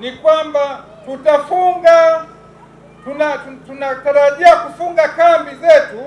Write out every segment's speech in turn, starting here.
ni kwamba tutafunga, tunatarajia tuna kufunga kambi zetu,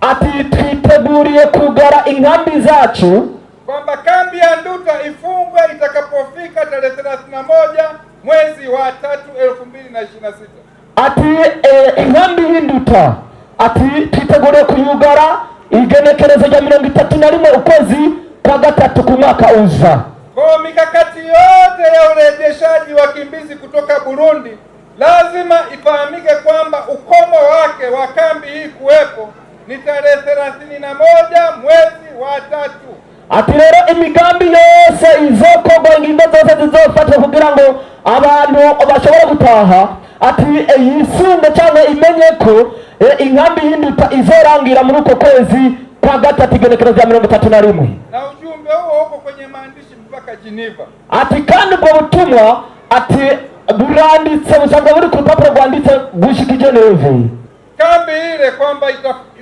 ati twiteguriye kugara inkambi zacu, kwamba kambi ya Nduta ifungwe itakapofika tarehe 31 mwezi wa tatu 2026 ati e, inkambi y'Induta ati twiteguriye kuyugara igenekerezo rya mirongo itatu na rimwe ukwezi kwa gatatu ku mwaka uza ko mikakati yote ya urejeshaji wakimbizi kutoka Burundi lazima ifahamike kwamba ukomo wake wa kambi hii kuwepo ni tarehe thelathini na moja mwezi wa tatu ati rero imigambi yose izoko ngo zose zizofata kugira ngo abantu bashobore gutaha ati yisunge cyangwa imenye ko e, inkambi yindi izorangira muri uko kwezi kwa gatatu igenekerezo rya mirongo itatu na rimwe na ujumbe huo huko kwenye maandiko ati kandi ubwo butumwa ati buranditse busanga buri ku rupapuro rwanditse bushikije neve kambi ile kwamba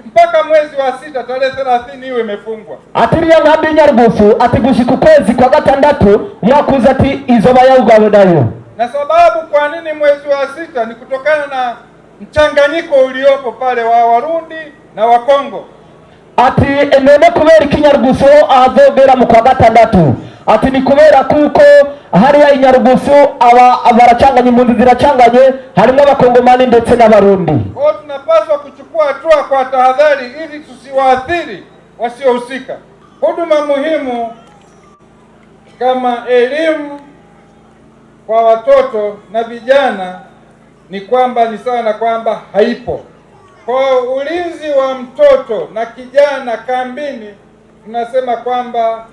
mpaka mwezi wa sita tarehe 30 iwe imefungwa ati iriya nkambi y'inyarugufu ati gushika ukwezi kwa gatandatu umwaka uza ati baya ugabo nayo na sababu kwa nini mwezi wa sita ni kutokana na mchanganyiko uliopo pale wa Warundi na Wakongo ati none kubera iki azogera mu kwa gatandatu ati ni kubera kuko hariya inyarugusu aba baracanganye impunzi ziracanganye harimo abakongomani ndetse n'abarundi ko tunapaswa kuchukua hatua kwa tahadhari ili tusiwaathiri wasiohusika huduma muhimu kama elimu kwa watoto na vijana ni kwamba ni sawa na kwamba haipo kwa ulinzi wa mtoto na kijana kambini, tunasema kwamba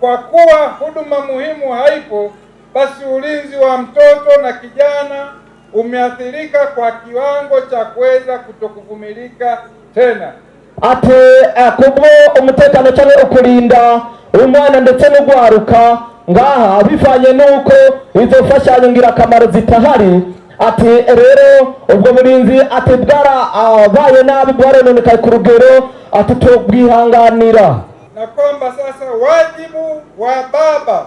kwa kuwa huduma muhimu haipo, basi ulinzi wa mtoto na kijana umeathirika kwa kiwango cha kuweza kutokuvumilika tena ati akubwo eh, umutekano cyangwa ukurinda umwana ndetse no gwaruka ngaha bifanye nuko izo ngira kamaro zitahari ati eh, rero ubwo murinzi ati abaye nabi bwarononekaye ku rugero ati tubwihanganira na kwamba sasa wajibu wa baba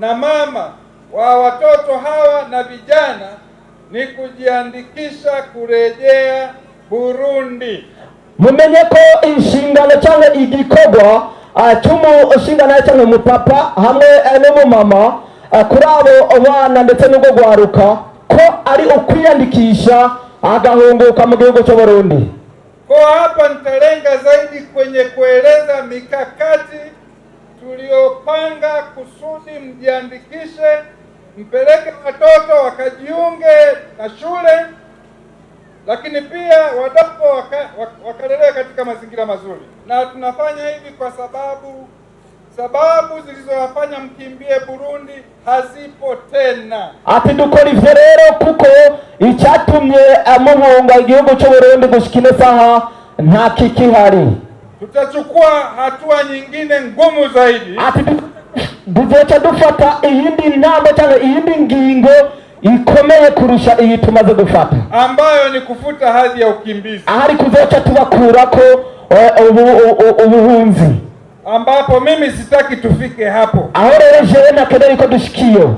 na mama wa watoto hawa na vijana ni kujiandikisha kurejea Burundi. Mumenye ko inshingano cyangwa igikorwa cy'umushinganaye eh, cyangwa umupapa hamwe eh, n'umumama kuri abo bana ndetse n'ubwo gwaruka ari ukwiandikisha agahunguka mu gihugu cyo Burundi. Kwa hapa nitalenga zaidi kwenye kueleza mikakati tuliyopanga kusudi mjiandikishe, mpeleke watoto wakajiunge na shule, lakini pia wadogo wakalelewe waka katika mazingira mazuri, na tunafanya hivi kwa sababu Sababu zilizowafanya mkimbie Burundi hazipo tena. Ati dukorivye rero kuko icyatumye amuhunga eh, igihugu cy'u Burundi gushika ino saha nta kikihari. Tutachukua hatua nyingine ngumu zaidi. Ati duzoca dufata iyindi namba cyangwa iyindi ngingo ikomeye kurusha iyi tumaze gufata, ambayo ni kufuta hadhi ya ukimbizi, ahari kuzoca tubakurako eh, ubuhunzi uh, uh, uh, uh, uh, uh, uh, uh ambapo mimi sitaki tufike hapo. ahorerejena keneriko dushikiyo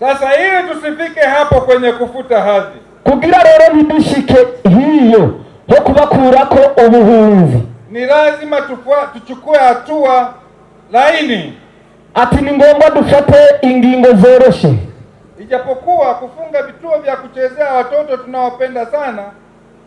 sasa, ili tusifike hapo kwenye kufuta hadhi, kugira rero ntidushike hiyo ho kubakurako ubuhunzi, ni lazima tuchukue hatua laini. ati ni ngombwa dufate ingingo zoroshe. Ijapokuwa kufunga vituo vya kuchezea watoto tunawapenda sana,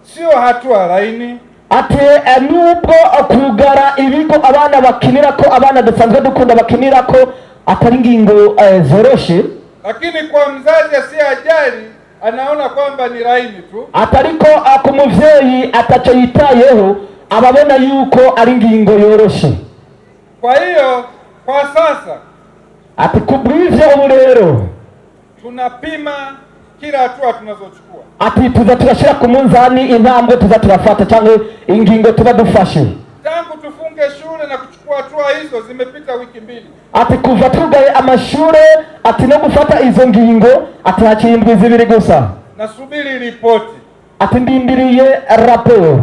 sio hatua laini ati eh, nubwo kugara ibigo abana bakinira ko abana dusanzwe dukunda bakinira ko atari ingingo eh, zoroshe, lakini kwa mzazi ajali anaona kwamba ni laini tu, atariko ah, ku muvyeyi atachoyitayeho ababona yuko ari ingingo yoroshe. Kwa hiyo kwa sasa ati kubwivyo ubu rero tunapima kila hatua tunazochukua ati tuza turashira ku munzani intambwe tuza turafata cyangwa ingingo tuba dufashe tangu tufunge shule na kuchukua hatua hizo zimepita wiki mbili ati kuva tugaye amashule ati no gufata izo ngingo ati hakiri indwi zibiri gusa nasubiri ripoti ati ndindiriye raporo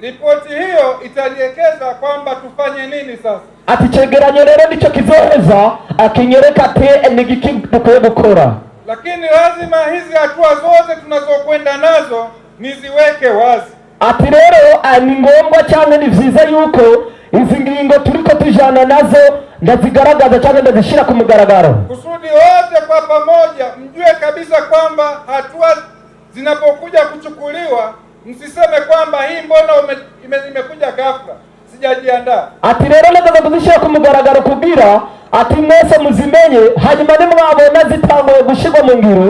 ripoti hiyo itanielekeza kwamba tufanye nini sasa ati cegeranyo rero ndico kizoheza akinyereka ati nigiki dukwiye gukora lakini lazima hizi hatua zote tunazokwenda nazo niziweke wazi ati rero ah, ni ngombwa cyangwa ni vyiza yuko izi ngingo turiko tujana nazo ndazigaragaza cyangwa ndazishyira ku mugaragaro kusudi wote kwa pamoja mjue kabisa kwamba hatua zinapokuja kuchukuliwa msiseme kwamba hii mbona imekuja ime, ime ghafla sijajiandaa ati rero ndaza kuzishyira ku mugaragaro kubira ati mwese muzimenye hanyuma nimwabona zitanguye gushirwa mu ngiro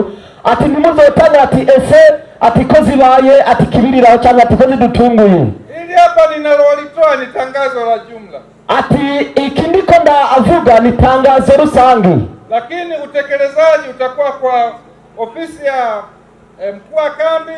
ati ntimuzotane ati ese ati ko zibaye ati kibiriraho cyangwa ati ko zidutunguye ili hapa ninalolitoa ni tangazo la jumla ati iki ndiko ndavuga ni tangazo rusange lakini utekelezaji utakuwa kwa ofisi ya eh, mkuu wa kambi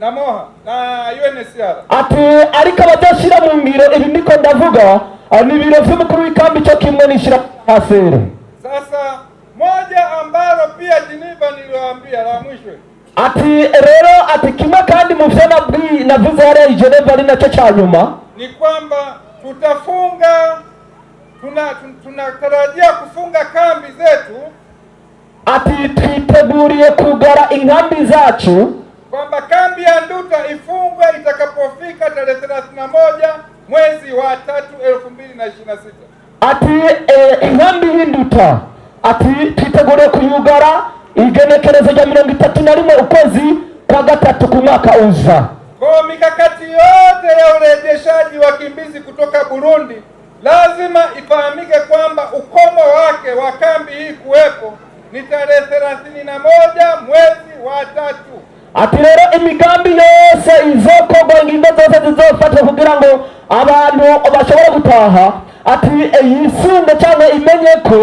na moha na UNHCR ati ariko abadashira mu ngiro ibi ndiko ndavuga eh, ni ibiro vy'umukuru w'ikambi cyo kimwe n'ishirahamwe kafiri. Sasa moja ambalo pia jiniva niliwaambia la mwisho ati rero ati kimwe kandi muvyo nabwi navuze hariya i Geneva ari nacyo cya nyuma ni kwamba tutafunga tunatarajia tuna kufunga kambi zetu ati twiteguriye kugara inkambi zacu kwamba kambi ya Nduta ifungwe itakapofika tarehe 31 mwezi wa tatu elfu mbili na ishirini na sita ati eh, inkambi y'induta ati twitegure kuyugara igenekerezo rya mirongo itatu na rimwe ukwezi kwa gatatu ku mwaka uza. Kwa mikakati yote ya urejeshaji wakimbizi kutoka Burundi lazima ifahamike kwamba ukomo wake wa kambi hii kuwepo ni tarehe thelathini na moja mwezi wa tatu. Ati rero imigambi yose izokogwa ingingo zose zizofatwa kugira ngo abantu bashobore gutaha ati iyi eyisumbe cyangwa imenye ko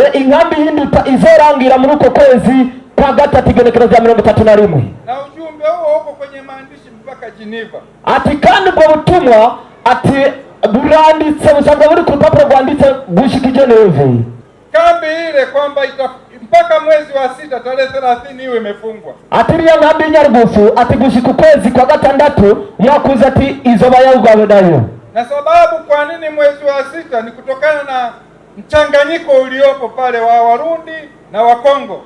e, inkambi yindi izorangira muri uko kwezi kwa gatatu igenekerezo rya mirongo itatu na rimwe ati kandi ubwo butumwa ati buranditse busanzwe buri ku rupapuro rwanditse gushyika i Geneve kambi ile kwamba mpaka mwezi wa sita tarehe thelathini iwe imefungwa ati iriya nkambi y'inyarugufu ati gushyika ukwezi kwa gatandatu umwaka uza ati izoba yawugawe nayo na sababu kwa nini mwezi wa sita ni kutokana na mchanganyiko uliopo pale wa Warundi na Wakongo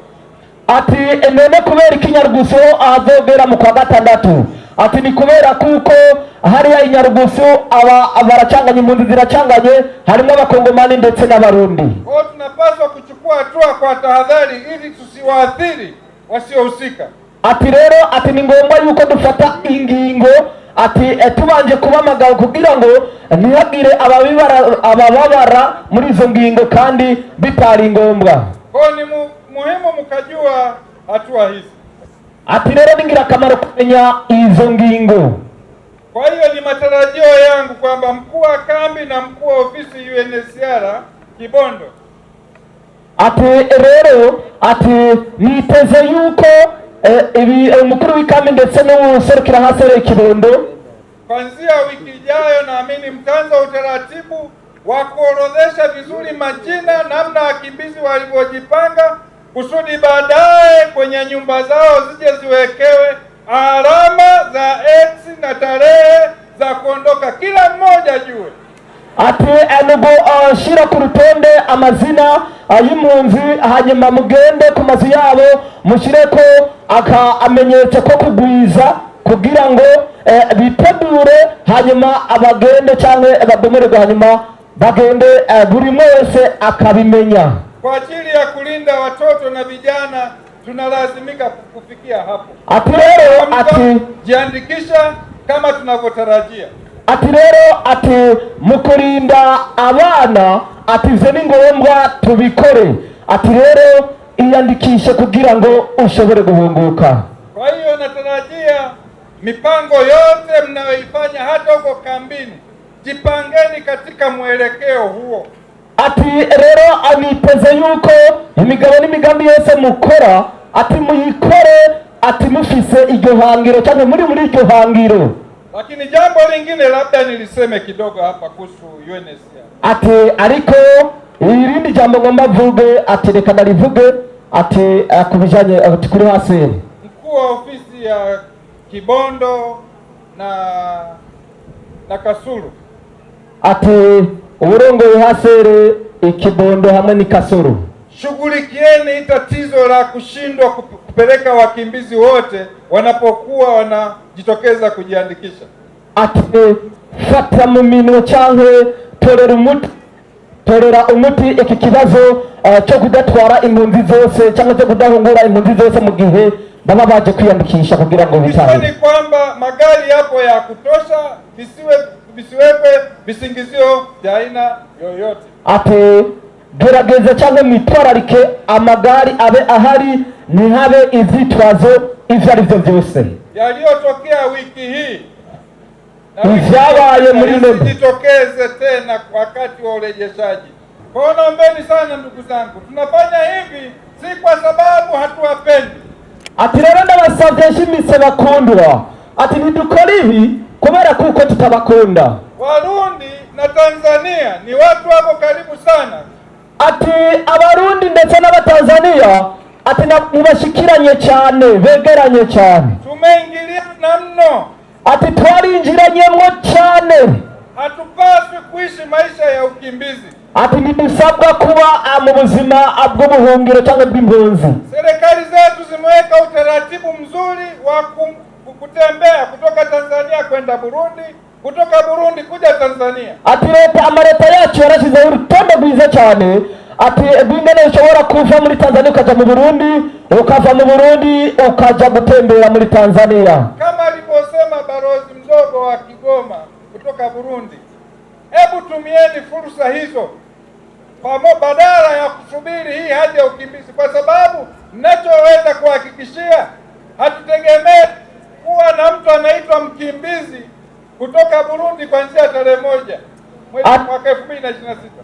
ati enene kubera ikinyarugusu ahazogera mu kwa gatandatu ati ni kubera kuko hariya inyarugusu aba baracanganye impunzi ziracanganye harimo abakongomani ndetse n'abarundi kwao tunapaswa kuchukua hatua kwa tahadhari ili tusiwaathiri wasiohusika ati rero ati ni ngombwa yuko dufata ingingo ati eh, tubanje kubamagara kugira ngo ntihagire abababara muri izo ngingo kandi bitari ngombwa ko ni muhimu mukajua hatua hizi ati rero ni ingirakamaro kumenya izo ngingo. Kwa hiyo ni matarajio yangu kwamba mkuu wa kambi na mkuu wa ofisi UNHCR Kibondo ati rero ati niteze yuko eh, ibi umukuru w'ikambi ndetse n'uwuserukira hasi Kibondo Kuanzia wiki ijayo, naamini mkaanza utaratibu wa kuorodhesha vizuri majina, namna wakimbizi walivyojipanga, kusudi baadaye kwenye nyumba zao zije ziwekewe alama za X na tarehe za kuondoka, kila mmoja jue ati enugu ashira uh, ku rutonde amazina ayimunzi uh, hanyuma mugende ku mazu yabo aka akamenyetso ko kugwiza kugira ngo eh, bitegure hanyuma abagende cyangwa badomererwe hanyuma bagende eh, buri wese akabimenya kwa ajili ya kulinda watoto na vijana tunalazimika kufikia hapo. Ati leo ati jiandikisha kama tunavyotarajia. Ati rero ati mukurinda abana ati vyo ni ngombwa tubikore. Ati rero iyandikishe kugira ngo ushobore guhunguka. Kwa hiyo natarajia mipango yote mnayoifanya hata huko kambini, jipangeni katika mwelekeo huo. ati rero abiteze yuko imigabo n'imigambi yose mukora ati muyikore ati mufise iryo hangiro cyane muri muri iryo hangiro. Lakini jambo lingine labda niliseme kidogo hapa kuhusu UNHCR. ati ariko irindi jambo ngomba vuge ati reka narivuge ati akubijanye eh, ati eh, kuri hasi mkuu wa ofisi ya Kibondo na na Kasulu ati uburongoye hasere ikibondo hamwe ni Kasulu, shughulikieni tatizo la kushindwa kupeleka wakimbizi wote wanapokuwa wanajitokeza kujiandikisha. Ati fata mu chahe torera umuti torera umuti iki kibazo uh, eh, cyo kudatwara impunzi zose cyangwa cyo kudahungura impunzi zose mu gihe baba baje kwiyandikisha kugira ngo bitahe. Ni kwamba magari yapo ya kutosha, visiwe visiwepe visingizio vya aina yoyote. Ate gerageza cyangwa mitwararike amagari abe ahari habe izitwazo ivyo ari byo byose yaliyotokea wiki hii ivyabaye muri sitokeze tena wakati wa urejeshaji. Kwa naombeni sana ndugu zangu, tunafanya hivi si kwa sababu hatuwapendi ati rero ndabasabye yashimitse bakundwa ati ntidukora ibi kubera kuko tutabakunda warundi na tanzania ni watu wako karibu sana ati abarundi ndetse n'abatanzania ati mubashikiranye cyane begeranye cyane tumeingiliana mno ati twarinjiranyemo cyane hatupaswi kuishi maisha ya ukimbizi ati ntidusabwa kuba ah, mu buzima bw'ubuhungiro cyangwa bw'impunzi serikali zetu zimeweka utaratibu mzuri wa kutembea kutoka Tanzania kwenda Burundi, kutoka Burundi kuja Tanzania. Ati leta amareta yacu yarashyizeho urutonde rwiza cyane ati bingene ushobora kuva muri Tanzania ukaja mu Burundi, ukava mu Burundi ukaja gutembera muri Tanzania, kama alivyosema balozi mdogo wa Kigoma kutoka Burundi. Hebu tumieni fursa hizo badala ya kusubiri hii hadi ya ukimbizi kwa sababu Ninachoweza kuhakikishia, hatutegemee kuwa na mtu anaitwa mkimbizi kutoka Burundi kuanzia tarehe moja mwezi mwaka elfu mbili na ishirini na sita.